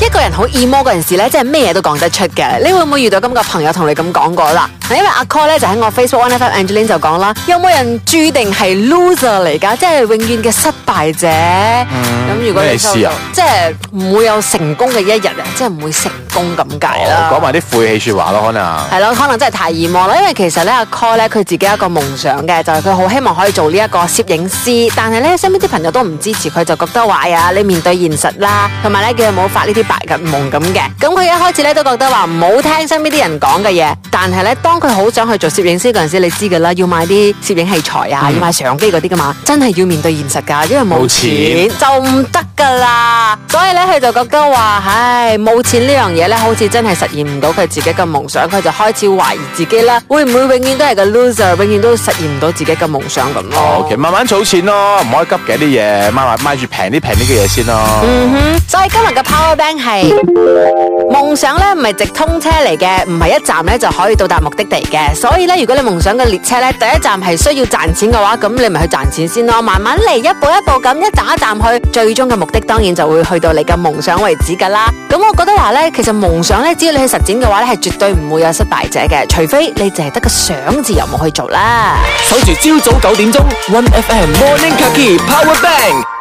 一個人好易魔嗰陣時咧，即係咩嘢都講得出嘅。你會唔會遇到咁嘅朋友同你咁講過啦？因為阿 Call 咧就喺我 Facebook One Five Angelina 就講啦，有冇人注定係 loser 嚟噶？即係永遠嘅失敗者。咁、嗯、如果你收到，啊、即係唔會有成功嘅一日啊！即係唔會成功咁解。啦、哦。講埋啲晦氣說話咯，可能係咯，可能真係太易魔啦。因為其實咧，阿 Call 咧佢自己一個夢想嘅，就係佢好希望可以做呢一個攝影師。但係咧，身邊啲朋友都唔支持佢，就覺得話呀，你面對現實啦。同埋咧，叫佢冇發呢啲。白日夢咁嘅，咁佢一開始咧都覺得話唔好聽身邊啲人講嘅嘢，但係咧當佢好想去做攝影師嗰陣時，你知噶啦，要買啲攝影器材啊，嗯、要買相機嗰啲噶嘛，真係要面對現實噶，因為冇錢，錢就唔得噶啦。所以咧，佢就覺得話，唉，冇錢呢樣嘢咧，好似真係實現唔到佢自己嘅夢想，佢就開始懷疑自己啦，會唔會永遠都係個 loser，永遠都實現唔到自己嘅夢想咁咯？OK，慢慢儲錢咯，唔可以急嘅啲嘢，買埋買住平啲平啲嘅嘢先咯。嗯哼，所以今日嘅 Power Bank 係夢想咧，唔係直通車嚟嘅，唔係一站咧就可以到達目的地嘅，所以咧，如果你夢想嘅列車咧第一站係需要賺錢嘅話，咁你咪去賺錢先咯，慢慢嚟，一步一步咁一站一站去，最終嘅目的當然就會。會去到你嘅夢想為止噶啦，咁我覺得話咧，其實夢想咧，只要你去實踐嘅話咧，係絕對唔會有失敗者嘅，除非你淨係得個想字又冇去做啦。守住朝早九點鐘，One FM Morning Cookie Power Bank。